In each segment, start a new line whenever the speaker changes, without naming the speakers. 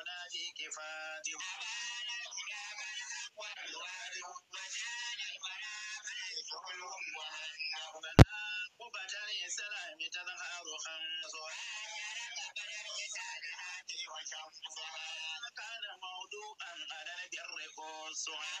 المنافق فاتح أبان الكتاب والوارد وجعل المنافق الحلهم وأنهم عقبة الإسلام تظهر خمسها كان موضوعا على البر قرصها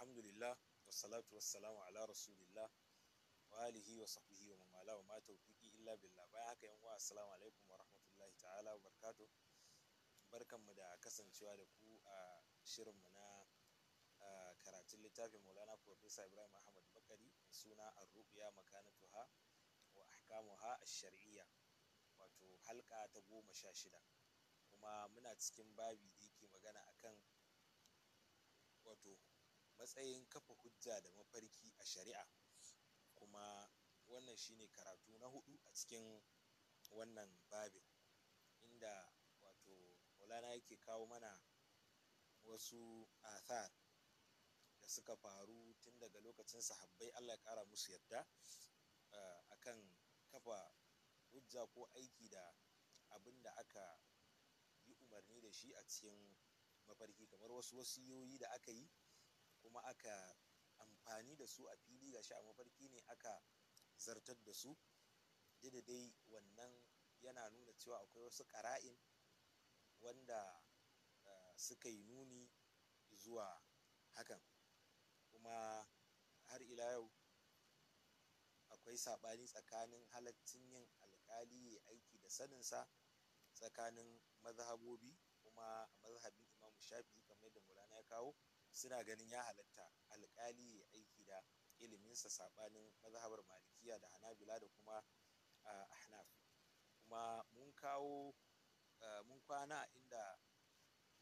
alhamdulillah wa salamu ala rasulillah wa alihi wa sahbihi wa mamala wa ma tawfiqi illa billah bayan haka yan uwa assalamu alaikum wa rahmatullahi ta'ala wa barkatu mu da kasancewa da ku a shirin mu na karatun littafin Maulana Professor Ibrahim Ahmad Bakari suna ar Makanatuha wa Ahkamuha Ash-Shar'iyya wato halka ta goma sha shida kuma muna cikin babi da yake magana akan wato matsayin kafa hujja da mafarki a shari'a kuma wannan shine karatu na hudu a cikin wannan babin inda wato maulana yake kawo mana wasu athar da suka faru tun daga lokacin sahabbai allah ya kara musu yadda eh, akan kafa hujja ko aiki da abin da aka yi umarni da shi a cikin mafarki kamar wasu wasiyoyi da aka yi kuma aka amfani da su a fili ga shi a mafarki ne aka zartar da su da dai wannan yana nuna cewa akwai wasu ƙara'in wanda eh, suka yi nuni zuwa hakan kuma har ila yau akwai saɓani tsakanin halaccin yin alƙali ya aiki da saninsa tsakanin mazhabobi kuma mazhabin imamu shafi kamar yadda mulana ya kawo suna ganin ya halatta alkali ya aiki da iliminsa saɓanin mazhabar malikiya da hanabila da kuma ahnaf kuma mun kawo mun kwana inda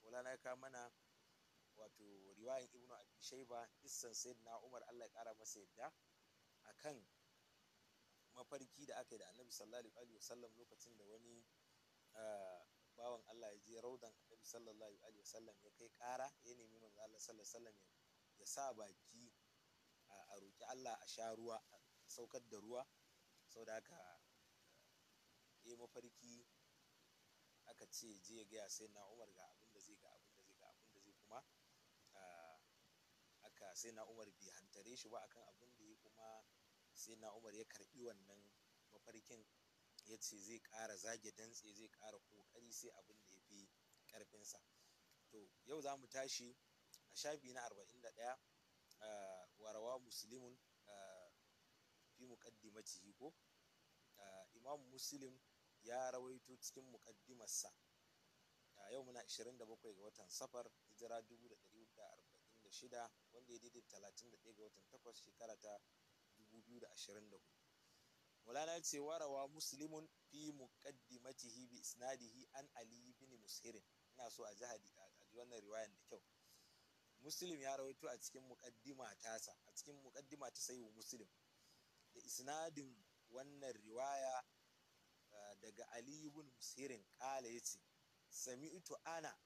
wala ya mana wato riwayan ibnu abi shaiba kissan sayyidina umar Allah ya kara masa yadda akan mafarki da aka yi da annabi sallallahu alaihi wasallam lokacin da wani bawan Allah ya je raudan annabi sallallahu alaihi wasallam ya kai ƙara ya nemi manzo Allah sallallahu alaihi wasallam ya sa baki a roƙi Allah a sha ruwa a saukar da ruwa saboda haka ya mafarki aka ce je ya gaya sai na Umar ga abin da zai ga abin da zai ga abin da zai kuma aka sai na Umar bai hantare shi ba akan abin da ya kuma sai na Umar ya karbi wannan mafarkin ya ce zai ƙara zage dantse zai ƙara ƙoƙari sai abin da ya ƙarfinsa to yau za mu tashi a shafi na 41 eh, warawa muslimun eh, fi muqaddimatihi ko eh, imam muslim ya rawaito cikin muqaddimarsa yau muna 27 ga watan safar hijira 1446 wanda ya daidai 31 ga watan 8 shekara ta 2024 mulana ce warawa muslimun fi muqaddimatihi bi isnadihi an ali bin mushirin ina so a ji wannan riwayan da kyau muslim ya rawaito a cikin muqaddima tasa a cikin muqaddima ta sayi muslim da isnadin wannan riwaya daga ali ibn musirin kala yace sami'tu ana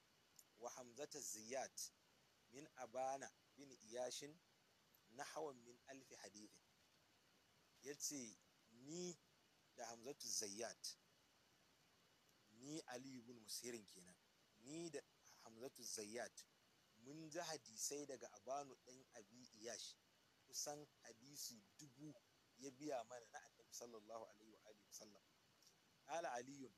wa hamzata ziyat min abana bin iyashin nahawan min alfi hadithin yace ni da hamzatu zayyat ni ali ibn musirin kenan ni da hamzatu zayyad mun ji hadisai daga abanu ɗan abi iyash kusan hadisi dubu ya biya mana na annabi sallallahu alaihi wa alihi wasallam ala aliyun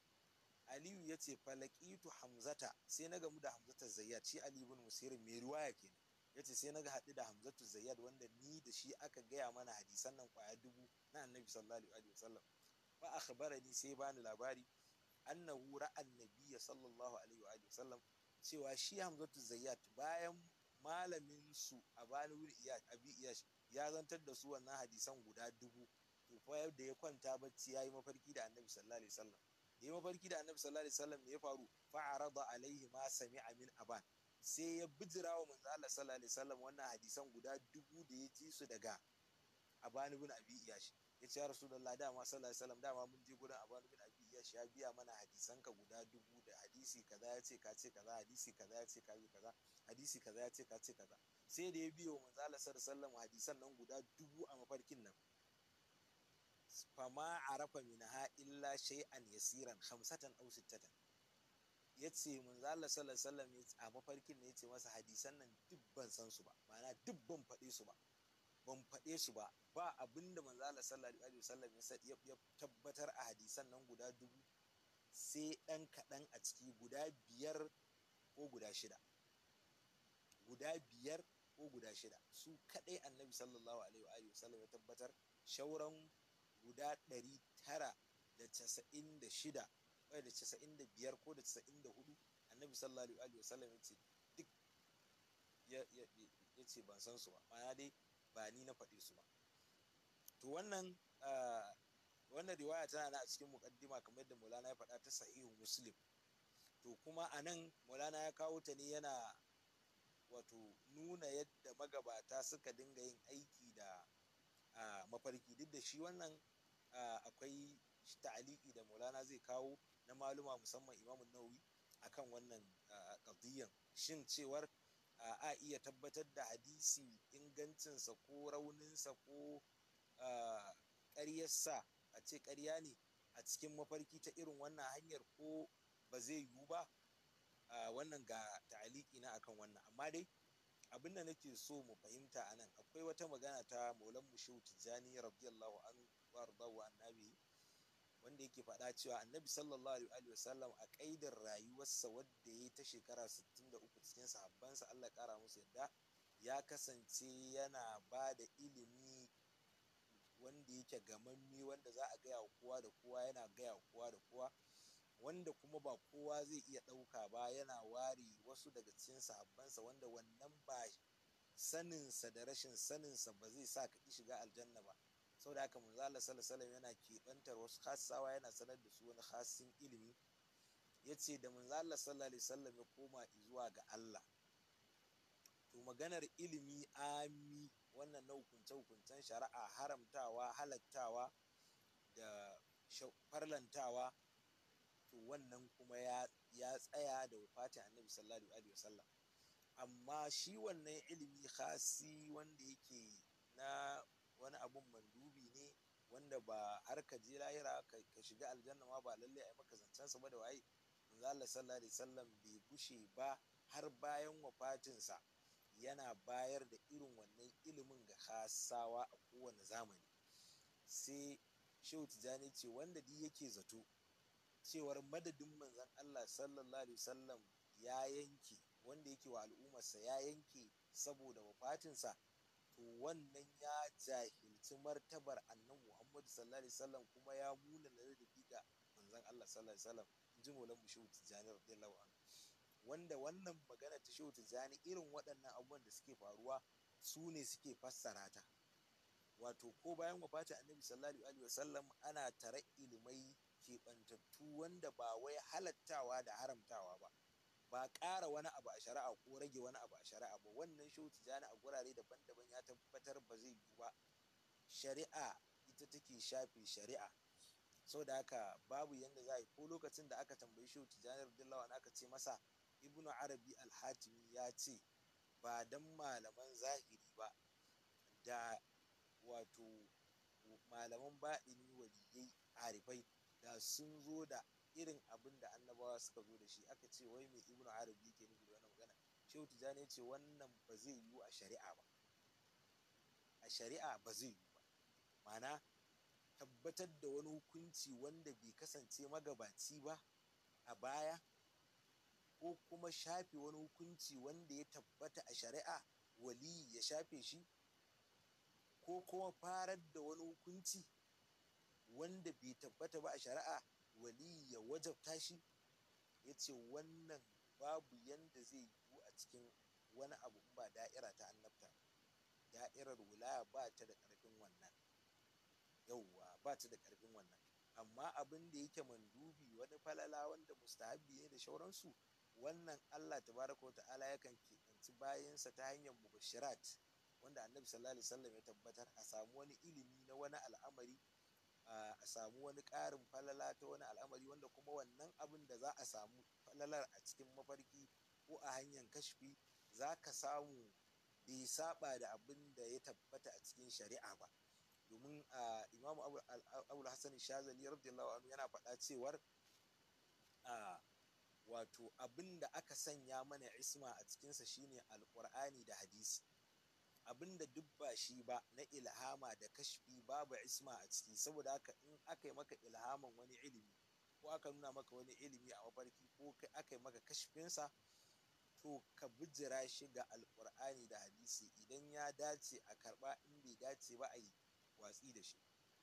aliyu ya ce falakitu hamzata sai na gamu da hamzata zayyad shi ali ibn musir mai riwaya kenan ya ce sai na ga haɗu da hamzatu zayyad wanda ni da shi aka gaya mana hadisan nan kwaya dubu na annabi sallallahu alaihi wa sallam fa akhbarani sai bani labari annahu ra'an nabiyya sallallahu alaihi wa sallam cewa shi hamzatu zayyat bayan malamin su a bani wuri abi iyash ya zantar da su wannan hadisan guda dubu to fa yadda ya kwanta bacci yayi mafarki da annabi sallallahu alaihi wasallam da mafarki da annabi sallallahu alaihi wasallam ya faru fa arada alaihi ma sami'a min aban sai ya bijira wa manzo Allah sallallahu alaihi wasallam wannan hadisan guda dubu da ya ji su daga abani bin abi iyash ya ce ya rasulullahi dama sallallahu alaihi wasallam dama mun je gurin abani bin abi biya ya biya mana hadisan ka guda dubu da hadisi kaza ya ce ka ce kaza hadisi kaza ya ce ka ce kaza hadisi kaza ya ce ka ce kaza sai da ya biyo manzala sallallahu hadisan nan guda dubu a mafarkin nan fama arafa minha illa shay'an yasiran khamsatan aw sittatan ya ce manzala sallallahu a mafarkin ne ya ce masa hadisan nan dubban san su ba ma'ana dubban faɗe su ba ban faɗe su ba ba abin da manzo Allah sallallahu alaihi wasallam ya tabbatar a hadisan nan guda dubu sai ɗan kaɗan a ciki guda biyar ko guda shida guda biyar ko guda shida su kaɗai annabi sallallahu alaihi wasallam ya tabbatar shauran guda ɗari tara da casa'in da shida ko eh, da casa'in da biyar ko da casa'in da hudu annabi sallallahu alaihi wasallam ya ce duk ya ce ban san su ba ma'ana dai ba ni na faɗi su ba to wannan ah, wannan riwaya tana na a cikin mukaddima kamar yadda Maulana ya faɗa ta sahihu Muslim to kuma a nan Maulana ya kawo ta ne yana wato nuna yadda magabata suka dinga yin aiki da ah, mafarki duk da shi wannan ah, akwai ta'aliki da Maulana zai kawo na maluma musamman Imam Nawawi akan wannan qadiyyan shin cewar a iya tabbatar da hadisi ingancinsa ko rauninsa ko ƙaryarsa a ce ƙarya ne a cikin mafarki ta irin wannan hanyar ko ba zai yiwu ba wannan ga ta'aliki na akan wannan amma dai abin da nake so mu fahimta anan, akwai wata magana ta maulan mushe tijjani radiyallahu an wardawa annabi wanda yake faɗa cewa annabi sallallahu alaihi wasallam a kaidar rayuwarsa wadda ya ta shekara 63 cikin sahabbansa Allah kara musu yadda ya kasance yana ba da ilimi wanda yake gamammi wanda za a gaya wa kowa da kowa yana gaya kowa da kowa wanda kuma ba kowa zai iya ɗauka ba yana wari wasu daga cikin sahabbansa wanda wannan ba saninsa da rashin saninsa ba zai sa ka ki shiga aljanna ba saboda haka manzo Allah sallallahu yana kebantar wasu hasawa, yana sanar da su wani khassin ilimi yace da manzo Allah sallallahu ya koma zuwa ga Allah to maganar ilimi ami wannan na hukunce hukuncen shari'a haramtawa halattawa da farlantawa to wannan kuma ya tsaya da wafatin annabi sallallahu alaihi wasallam amma shi wannan ilimi khasi wanda yake na wani abun mandubi ne wanda ba har ka je lahira ka shiga aljanna ma ba lalle a yi maka zancen sa ba da waye manzo Allah sallallahu alaihi wasallam bai bushe ba har bayan wafatin sa yana bayar da irin wannan ilimin ga hasawa a kowane zamani sai shehu tijani ce wanda duk yake zato cewar madadin manzon Allah sallallahu alaihi wasallam ya yanke wanda yake wa al'ummarsa ya yanke saboda wafatinsa to wannan ya jahilci martabar annabi Muhammad sallallahu alaihi wasallam kuma ya muna ladabi ga manzon Allah sallallahu alaihi wasallam ji molan mu tijani radiyallahu anhu wanda wannan magana ta shehu tijani irin waɗannan abubuwan da suke faruwa su ne suke fassara ta wato ko bayan wafatin annabi sallallahu alaihi wasallam ana tare ilimai keɓantattu wanda ba wai halattawa da haramtawa ba ba ƙara wani abu a shari'a ko rage wani abu a shari'a ba wannan shehu tijjani a gurare daban-daban ya tabbatar ba zai yi ba shari'a ita take shafe shari'a sau da haka babu yadda za a yi ko lokacin da aka tambayi shehu tijjani radillawan aka ce masa ibnu arabi Al-Hatimi ya ce ba dan malaman zahiri ba da wato malaman baɗini waliyai arifai da sun zo da irin abin da annabawa suka zo da shi aka ce wai mai ibnu arabi yake nufi da wannan magana shehu tijani ya ce wannan ba zai yiwu a shari'a ba a shari'a ba zai yiwu ba ma'ana tabbatar da wani hukunci wanda bai kasance magabaci ba a baya ko kuma shafe wani hukunci wanda ya tabbata a shari'a wali ya shafe shi ko kuma farar da wani hukunci wanda bai tabbata ba a shari'a wali ya wajabta shi ya ce wannan babu yanda zai yiwu a cikin wani abu ba da'ira ta annabta da'irar wilaya ba ta da ƙarfin wannan yauwa ba ta da ƙarfin wannan amma abin da yake mandubi wani falala wanda mustahabbi ne da shauransu wannan Allah tabaraka ta'ala yakan keɓanci bayansa ta hanyar mubashirat wanda annabi sallallahu alaihi wasallam ya tabbatar a samu wani ilimi na wani al'amari a samu wani ƙarin falala ta wani al'amari wanda kuma wannan abin da za a samu falalar a cikin mafarki ko a hanyar kashfi za ka samu bai saɓa da abin da ya tabbata a cikin shari'a ba domin imamu abul hassan shazali radiyallahu anhu yana faɗa cewar wato abin da aka sanya mana isma a cikinsa shine alƙur'ani da hadisi abinda duk ba shi ba na ilhama da kashfi babu isma a ciki saboda haka in aka yi maka ilhaman wani ilimi ko aka nuna maka wani ilimi a mafarki ko aka yi maka kashfinsa to ka bijira shi ga alkur'ani da hadisi idan ya dace a karba in bai dace ba a yi watsi da shi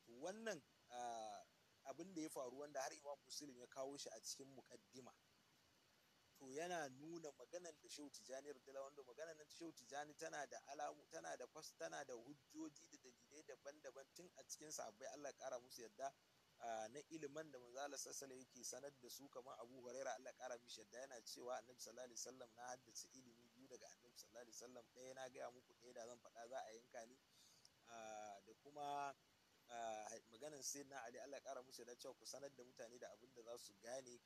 to wannan ah, abin da ya faru wanda har imam muslim ya kawo shi a cikin muƙaddima to yana nuna maganan da Shehu Tijani radiyallahu wanda maganan nan Shehu Tijjani tana da alamu tana da kwas tana da hujjoji da dalilai daban-daban tun a cikin sabbai Allah kara musu yadda na iliman da manzala sassala yake sanar da su kamar Abu Hurairah Allah kara mishi yadda yana cewa Annabi sallallahu alaihi wasallam na haddace ilimi biyu daga Annabi sallallahu alaihi wasallam ɗaya na gaya muku ɗaya da zan faɗa za a yanka ni da kuma maganan sai na ali allah kara musu da cewa ku sanar da mutane da abin da za su gane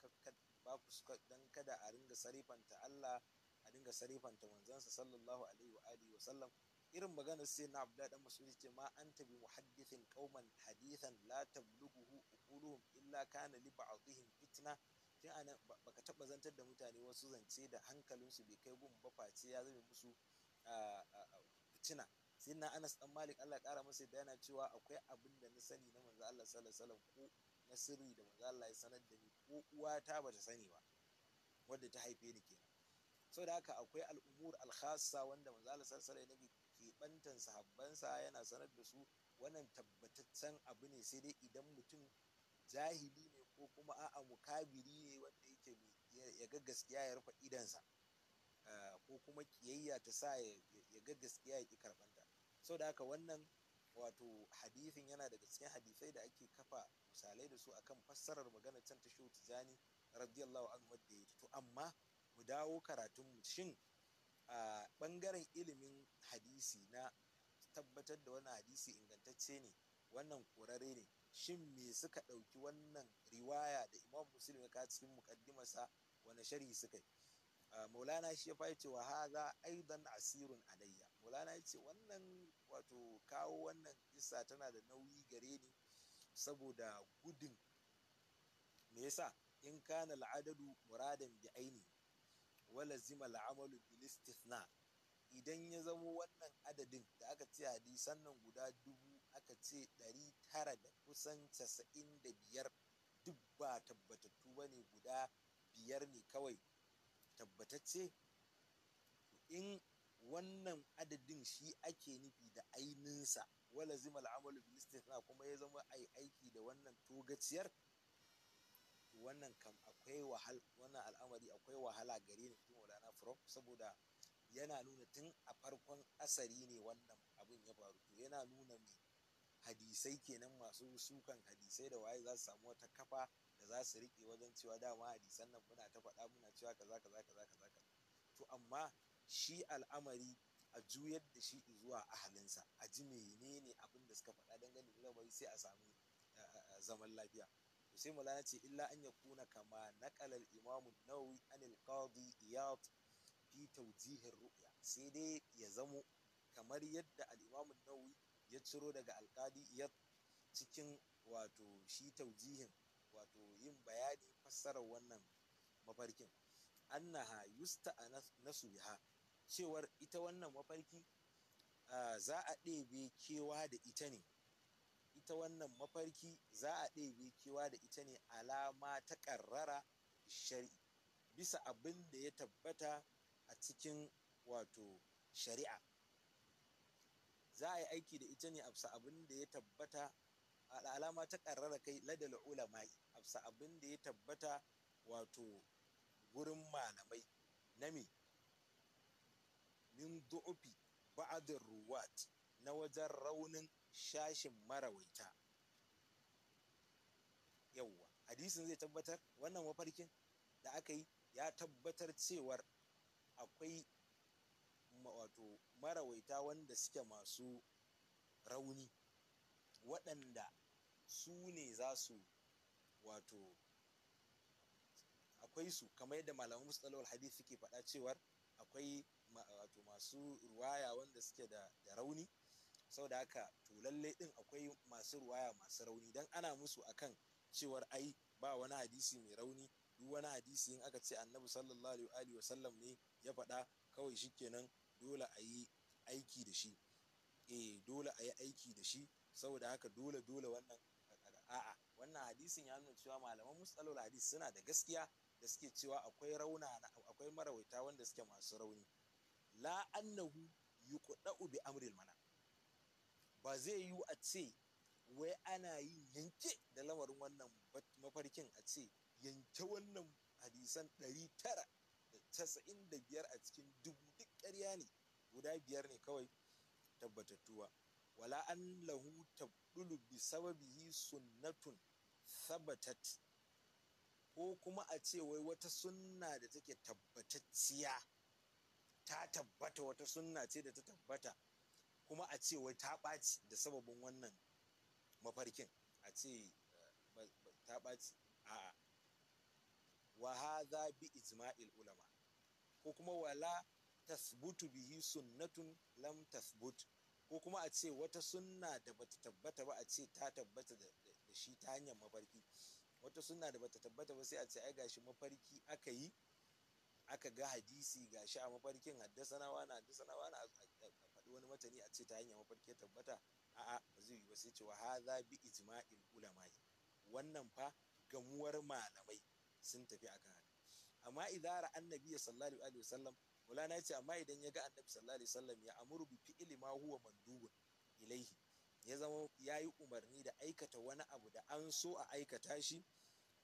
ba ku dan kada a ringa sarifanta allah a ringa sarifanta manzansa sallallahu alaihi wa alihi wa sallam irin maganar sai na abdullahi dan mas'ud ce ma an tabi muhaddithin qauman hadithan la tablughuhu uquluhum illa kana li ba'dihim fitna tun ana baka taba zantar da mutane wasu zance da hankalinsu bai kai gun ba face ya zame musu fitina sayyidina Anas dan Malik Allah kara masa da yana cewa akwai abin da na sani na manzo Allah sallallahu alaihi wasallam ko na sirri da manzo Allah ya sanar da ni ko uwata bata sani ba wanda ta haife ni kenan saboda haka akwai al'umur al-khassa wanda manzo Allah sallallahu alaihi wasallam ke bantan sahabbansa yana sanar da su wannan tabbataccen abu ne sai dai idan mutum jahili ne ko kuma a'a mukabiri ne wanda yake ya ga gaskiya ya rufe idansa eh, ko kuma kiyayya ta sa ya ga gaskiya ya ki karɓar saboda haka wannan wato hadithin yana daga cikin hadisai da ake kafa misalai da su akan fassarar maganar can ta shehu tijani radiyallahu anhu wadda ya to amma mu dawo karatun mu shin a bangaren ilimin hadisi na tabbatar da wannan hadisi ingantacce ne wannan kurare ne shin me suka ɗauki wannan riwaya da imam muslim ya kawo cikin mukaddimarsa wani sharhi suka yi maulana shi ya cewa haza aidan asirun alayya maulana ya ce wannan wato kawo wannan isa tana da nauyi gare ni saboda gudun me yasa in kana al'adadu muradan bi aini wala zima al'amalu bil istithna idan ya zamo wannan adadin da aka ce hadisan nan guda dubu aka ce ɗari tara da kusan casa'in da biyar duk ba tabbatattu ba ne guda biyar ne kawai tabbatacce in wannan adadin shi ake nufi da aininsa wala zima al'amalu bil istithna kuma ya zama ai aiki da wannan togaciyar wannan kam akwai wahal wannan al'amari akwai wahala gare ni tun wala na saboda yana nuna tun a farkon asari ne wannan abin ya faru to yana nuna mai hadisai kenan masu sukan hadisai da waye za su samu wata kafa da za su riƙe wajen cewa dama hadisan nan muna ta faɗa muna cewa kaza kaza kaza kaza to amma shi al'amari a juyar da shi zuwa ahalinsa a ji menene abin da suka faɗa dangane da bai sai a samu zaman lafiya to sai mulana ce illa an yakuna kama naqala al-imam an-nawawi an nawawi an qadi fi tawjih sai dai ya zamo kamar yadda al-imam nawawi ya ciro daga al-qadi cikin wato shi tawjihin wato yin bayani fassarar wannan mafarkin annaha yusta nasu biha cewar ita wannan mafarki za a ɗebe kewa da ita ne ita wannan mafarki za a ɗebe kewa da ita ne alama ta ƙarrara shari'i bisa abin da ya tabbata a cikin wato shari'a za a yi aiki da ita ne afsa abin da ya tabbata alama ta ƙarrara kai ladal ulama'i afsa abin da ya tabbata wato gurin malamai na me min du'ufi ba'adin ruwat na wajen raunin shashin marawaita yawwa hadisin zai tabbatar wannan mafarkin da aka yi ya tabbatar cewar akwai wato marawaita wanda suke masu rauni waɗanda su ne za su wato akwai su kamar yadda malaman musalawar hadisi suke faɗa cewar akwai wato masu ruwaya wanda suke da rauni da haka to lalle ɗin akwai masu ruwaya masu rauni dan ana musu akan cewar ai ba wani hadisi mai rauni duk wani hadisi in aka ce annabi sallallahu alaihi wa sallam ne ya faɗa kawai shi kenan dole a yi aiki da shi eh dole a yi aiki da shi saboda haka dole dole wannan a'a wannan hadisin ya nuna cewa malaman musalul hadis suna da gaskiya da suke cewa akwai rauna akwai marawaita wanda suke masu rauni la annahu yuqda'u bi amril mana ba zai yiwu a ce wai ana yi yanke da lamarin wannan mafarkin a ce yanke wannan hadisan ɗari tara da da biyar a cikin dubu duk ƙarya ne guda biyar ne kawai tabbatattuwa wala an lahu tabdulu bi sababihi sunnatun sabatat ko kuma a ce wai wata sunna da take tabbatacciya ta tabbata wata sunna ce da ta tabbata kuma a ce wai ta ɓaci da sababin wannan mafarkin a ce eh, ta ɓaci a wa za bi ijma'il ulama ko kuma wala tasbutu bihi sunnatun lam tasbut ko kuma a ce wata sunna da bata tabbata ba a ce ta tabbata da shi ta hanyar mafarki wata sunna da bata tabbata ba sai a ce ai gashi mafarki aka yi aka ga hadisi ga shi a mafarkin haddasana wani haddasana wani a faɗi wani matani a ce ta hanyar mafarki tabbata a'a ba zai yi ba sai cewa ha za bi ijma'il ulama'i wannan fa gamuwar malamai sun tafi akan haka amma idara annabi sallallahu alaihi wasallam na ce amma idan ya ga annabi sallallahu alaihi wasallam ya amuru bi fi'li ma huwa mandubun ilaihi ya zama yayi umarni da aikata wani abu da an so a aikata shi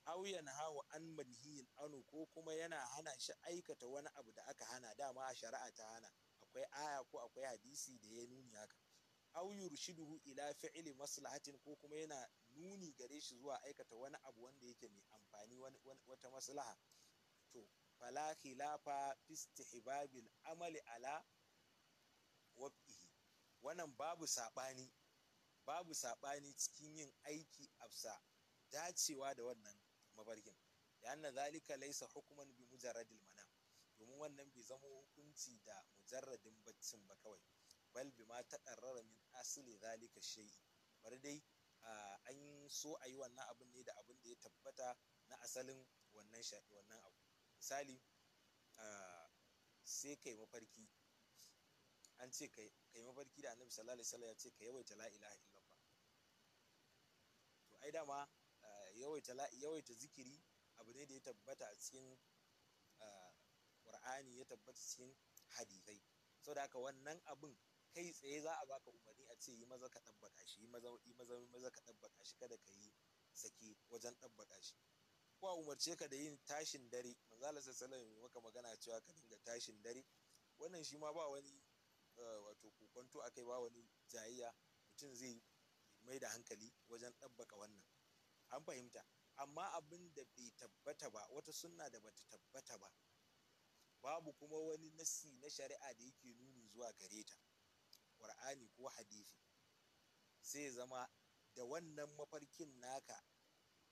au yanhahu an manhiyin anu ko kuma yana hana shi aikata wani abu da aka hana dama a shari'a ta hana akwai aya ko akwai hadisi da ya nuni haka au yurshiduhu ila fi'li maslahatin ko kuma yana nuni gare shi zuwa aikata wani abu wanda yake mai amfani wata maslaha to fala khilafa fi istihbabil amali ala wab'ihi wannan babu sabani babu sabani cikin yin aiki afsa dacewa da wannan mafarkin da anna zalika laysa hukman bi mujarradil manam domin wannan bai zama hukunci da mujarradin baccin ba kawai bal bi ma taqarrara min asli zalika shay'i bari dai an so a yi wannan abin ne da abin da ya tabbata na asalin wannan wannan abu misali sai kai mafarki an ce kai mafarki da annabi sallallahu alaihi wasallam ya ce ka yawaita la ilaha illallah to ai dama yawaita zikiri abu ne da ya tabbata a cikin qur'ani ya tabbata cikin hadisai saboda haka wannan abin kai tsaye za a baka umarni a ce yi maza ka tabbata shi yi maza maza ka tabbata shi kada ka yi sake wajen tabbata shi ko a umarce ka da yin tashin dare manzo Allah sallallahu alaihi maka magana cewa ka dinga tashin dare wannan shi ma ba wani wato kokonto akai ba wani jayayya mutum zai mai da hankali wajen ɗabbaka wannan fahimta amma abin da bai tabbata ba wata sunna da bata tabbata ba babu kuma wani nassi na shari'a da yake nuni zuwa gare ta ƙur'ani ko hadisi sai zama da wannan mafarkin naka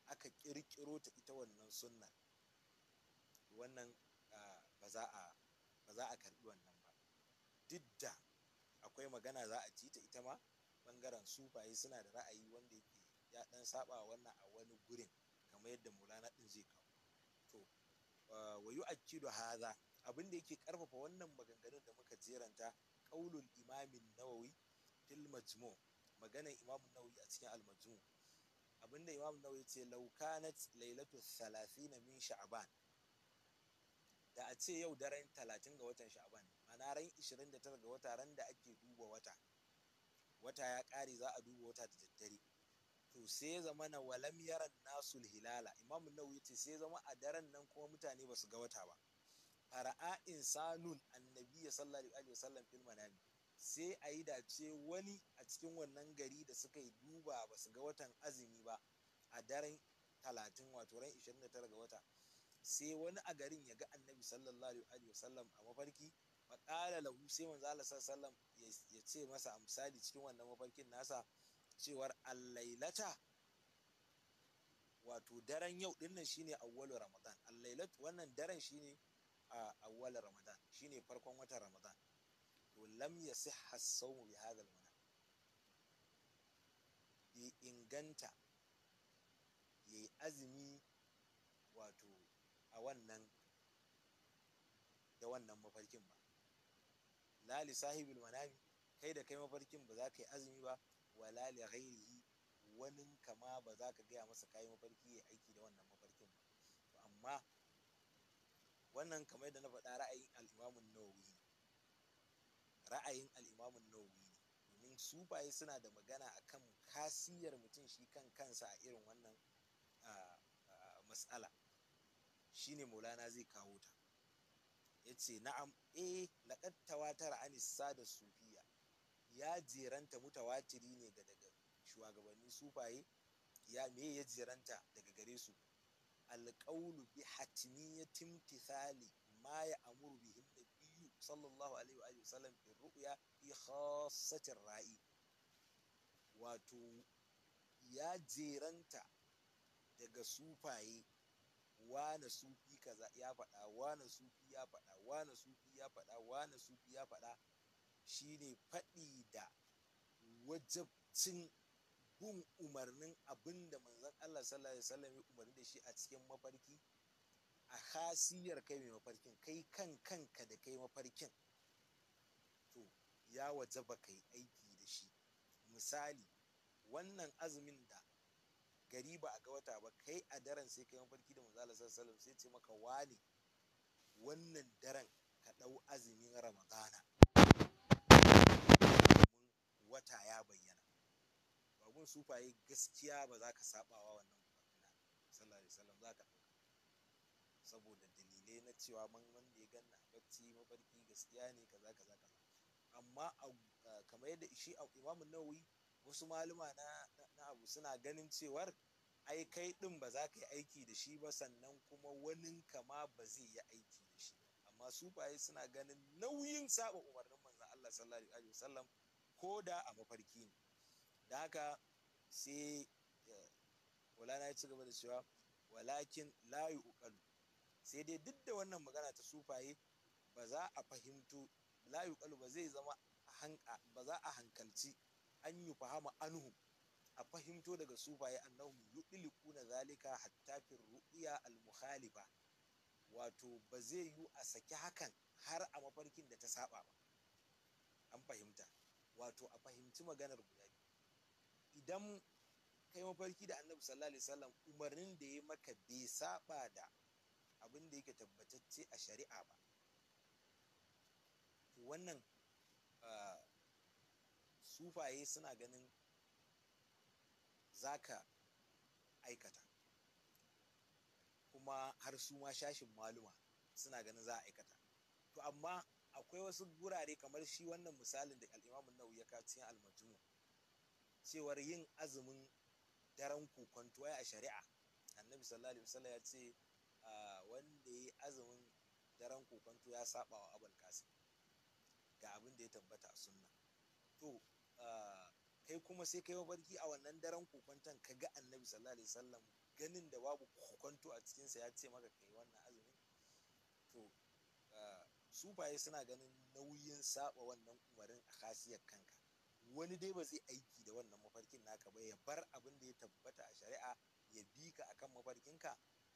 aka ƙirƙiro ta ita wannan sunna wannan ba za a karɓi wannan ba duk da akwai magana za a ci ta ita ma ɓangaren sufaye suna da ra'ayi wanda ya ya dan saba wannan a wani gurin kamar yadda maulana din zai kawo to ah, wa yu'akkidu hadha abin da yake karfafa wannan maganganun da muka jeranta qaulul imamin nawawi fil majmu maganar imam nawawi a cikin al majmu abinda imam nawawi ce law kanat lailatu 30 min sha'ban da a ce yau daren 30 ga watan sha'ban ma'ana ran 29 ga wata ran da ake duba wata wata ya kare za a duba wata da daddare to sai ya zama na walam yaran nasul hilala imam nawawi ce sai ya zama a daren nan kuma mutane ba su ga wata ba fara'a insanun annabi sallallahu alaihi wasallam fil manami sai a yi dace wani a cikin wannan gari da suka yi duba ba su ga watan azumi ba a daren talatin wato ran 29 ga wata sai wani a garin ya ga annabi sallallahu alaihi wasallam a mafarki faƙala lahu sai manzo Allah sallallahu alaihi wasallam ya ce masa a misali cikin wannan mafarkin nasa cewar allailata wato daren yau dinnan shine awwalu ramadan allailat wannan daren shine a awwalu ramadan shine farkon watan ramadan to lam yasihha as-sawm bi hadha al-mana yi inganta yi azumi wato a wannan da wannan mafarkin ba lalisa li manami kai da kai mafarkin ba za ka yi azumi ba wala li ghairihi wani kama ba za ka gaya masa kayi mafarki ya aiki da wannan mafarkin ba to amma wannan kamar yadda na faɗa ra'ayin al'imamun nawawi ne ra'ayin al'imamun nawawi ne domin sufaye suna da magana akan kasiyar mutum shi kan kansa a irin wannan matsala shine maulana zai kawo ta ya ce na'am eh laƙattawa tara anis sada su ya jeranta mutawatiri ne ga daga shugabannin sufaye ya me ya jeranta daga gare su alƙaulu bi timti tithali ma ya amuru bihin nabiyyu sallallahu alaihi wa sallam fi ru'ya bi khassatir ra'i wato ya jeranta daga sufaye wane sufi kaza ya faɗa wane sufi ya faɗa wane sufi ya faɗa wane sufi ya faɗa shine faɗi da wajabcin bin umarnin abin da manzon Allah sallallahu alaihi wasallam ya umarni da shi a cikin mafarki a hasiyar kai mai mafarkin kai kan kanka da kai mafarkin to ya wajaba kai aiki da shi misali wannan azumin da gari ba a ga wata ba kai a daren sai kai mafarki da manzon Allah sallallahu alaihi wasallam sai ce maka wani wannan daren ka ɗau azumin ramadana wata ya bayyana babun sufaye gaskiya ba za ka sabawa wannan magana sallallahu alaihi wasallam za ka ɗauka saboda dalilai na cewa man wanda ya ganna bacci mafarki gaskiya ne kaza kaza kaza amma kamar yadda shi imamu nawawi wasu maluma na abu suna ganin cewar ai kai din ba za ka yi aiki da shi ba sannan kuma wanin kama ba zai yi aiki da shi amma su suna ganin nauyin saba umarnin manzon Allah sallallahu alaihi wasallam ko da a mafarki ne da haka sai wala eh, ya ci gaba da cewa walakin layu uƙalu sai dai duk da wannan magana ta sufaye ba za a fahimtu layu uƙalu ba zai zama ba za a hankalci an yi fahama anhu a fahimto daga sufaye annahum yuɗiliku na zalika hatta fi ru'ya al-mukhalifa wato ba zai yi a saki hakan har a mafarkin da ta saba ba an fahimta wato a fahimci maganar guda idan kai mafarki da annabi sallallahu alaihi wasallam umarnin da ya maka bai saba da abin da yake tabbatacce a shari'a ba wannan sufaye suna ganin zaka aikata kuma har su ma shashin maluma suna ganin za a aikata to amma akwai wasu gurare kamar shi wannan misalin da al'imamun nau ya kawo cikin almajimu cewar yin azumin daren kokonto a shari'a annabi sallallahu alaihi wasallam ya ce ah, wanda ya yi azumin daren kokonto ya saba wa abul kasim ga abin da ya tabbata a sunna to ah, kai kuma sai kai mafarki a wannan daren kokonton ka ga annabi sallallahu alaihi wasallam ganin da babu kokonto a cikinsa ya ce maka kai wannan sufaye suna ganin nauyin saba wannan umarin a kasiyar kanka wani dai ba zai aiki da wannan mafarkin naka ba ya bar abin da ya tabbata a shari'a ya bi ka akan ka? ba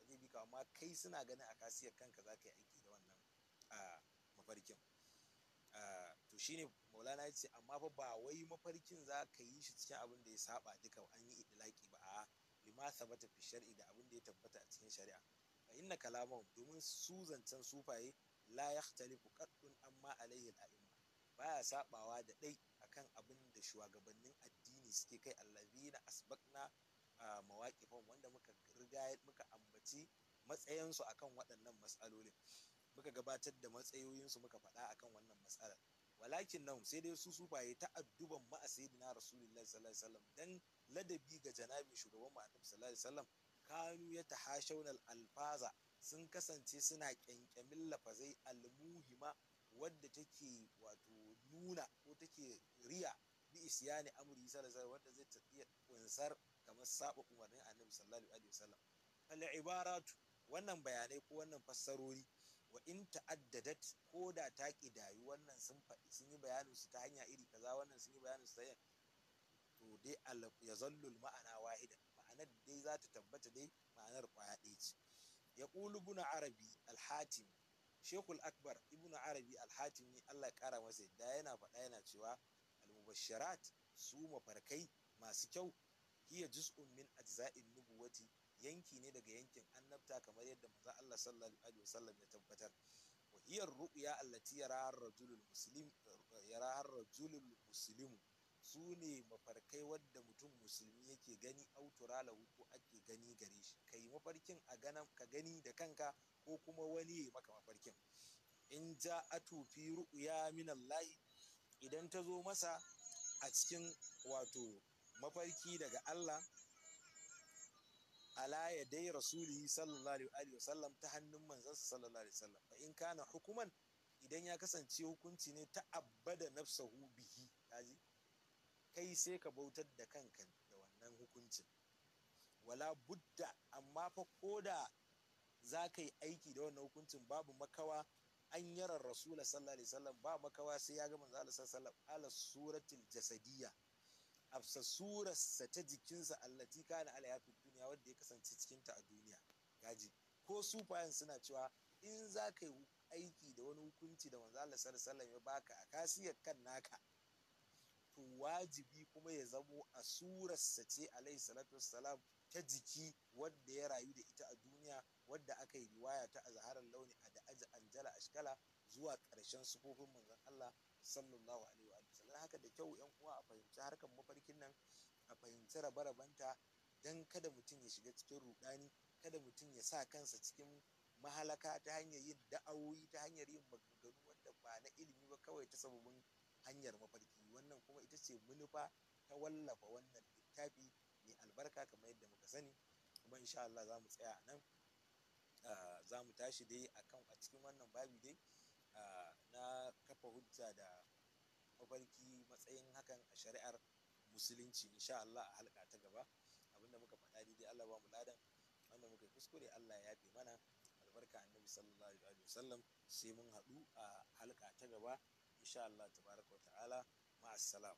zai bi ka amma kai suna ganin a kasiyar kanka za ka yi aiki da wannan mafarkin to shine maulana ya ce amma fa ba wai mafarkin za ka yi shi cikin abin da ya saba duka an yi idilaki ba a lima sabata fi shari'a da abin da ya tabbata a cikin shari'a inna kalaman domin su zancen sufaye la yakhtalifu qaddun amma alayhi al-a'imma baya sabawa da dai akan abin da shugabannin addini suke kai allazina asbaqna mawaqifan wanda muka riga muka ambaci matsayansu akan waɗannan matsalolin muka gabatar da matsayoyinsu muka faɗa akan wannan matsalar walakin nan sai dai su sufaye ta adduban ma sayyidina rasulullahi sallallahu alaihi wasallam dan ladabi ga janabin shugaban mu annabi sallallahu alaihi wasallam kanu yatahashawna al-alfaza sun kasance suna ƙyanƙyamin lafazai almuhima wadda take wato nuna ko take riya bi isyani amri sallallahu wanda zai tafiya kunsar kamar saba umarnin annabi sallallahu alaihi wasallam fal ibaratu wannan bayanai ko wannan fassarori wa in ta'addadat ko da ta kidayu wannan sun faɗi sun yi bayanin su ta hanya iri kaza wannan sun yi bayanin su ta hanya to dai ya zallul ma'ana wahida ma'anar dai za ta tabbata dai ma'anar kwaya ɗaya ce ya ƙulu ibn arabi alhatim shekul akbar ibnu arabi alhatim allah ya ƙara masa yadda yana faɗa yana cewa almubasharat su mafarkai masu kyau hiya juz'un min ajza'in nubuwati yanki ne daga yankin annabta kamar yadda manzo Allah sallallahu alaihi wasallam ya tabbatar wa hiya ru'ya allati yara ar-rajulul muslim yara ar-rajulul muslimu su ne mafarkai wadda mutum musulmi yake gani autura lahu ko ake gani gare mafarkin a ganan ka gani da kanka ko kuma wani ya maka mafarkin in ja atu fi ru'ya min idan ta zo masa a cikin wato mafarki daga Allah ala ya dai rasulihi sallallahu alaihi wasallam ta hannun manzansa sallallahu alaihi wasallam fa in kana hukuman idan ya kasance hukunci ne ta abada nafsahu bihi kaji kai sai ka bautar da kanka wala budda amma fa koda za ka yi aiki da wannan hukuncin babu makawa an yaran rasula sallallahu alaihi wasallam ba makawa sai ya ga manzo Allah sallallahu alaihi wasallam ala suratul jasadiyya afsa surarsa ta jikinsa allati kana ala yafi duniya wanda ya kasance cikin ta a duniya gaji ko sufayan suna cewa in za ka yi aiki da wani hukunci da manzo Allah sallallahu alaihi wasallam ya baka a kasiyar kan naka to wajibi kuma ya zamo a surarsa ce alaihi salatu wassalam ta jiki wadda ya rayu da ita a duniya wadda aka yi riwaya ta azharar launi a da anjala ashkala zuwa ƙarshen sufofin manzon Allah sallallahu alaihi wa sallam haka da kyau yan uwa a fahimci harkar mafarkin nan a fahimci rabarabanta dan kada mutum ya shiga cikin rudani kada mutum ya sa kansa cikin mahalaka ta hanyar yin da'awoyi ta hanyar yin maganganu wanda ba na ilimi ba kawai ta sababin hanyar mafarki wannan kuma ita ce manufa ta wallafa wannan littafi albarka kamar yadda muka sani kuma insha Allah za mu tsaya nan ah, za mu tashi dai akan a cikin wannan babi dai ah, na kafa hujja da mafarki matsayin hakan a shari'ar musulunci insha Allah a halka ta gaba abinda muka faɗa dai Allah ba mu ladan wanda muka kuskure Allah ya yafe mana albarka annabi sallallahu alaihi wa sallam sai mun haɗu a halka ta gaba insha Allah tabaraka wa ta'ala ma'assalam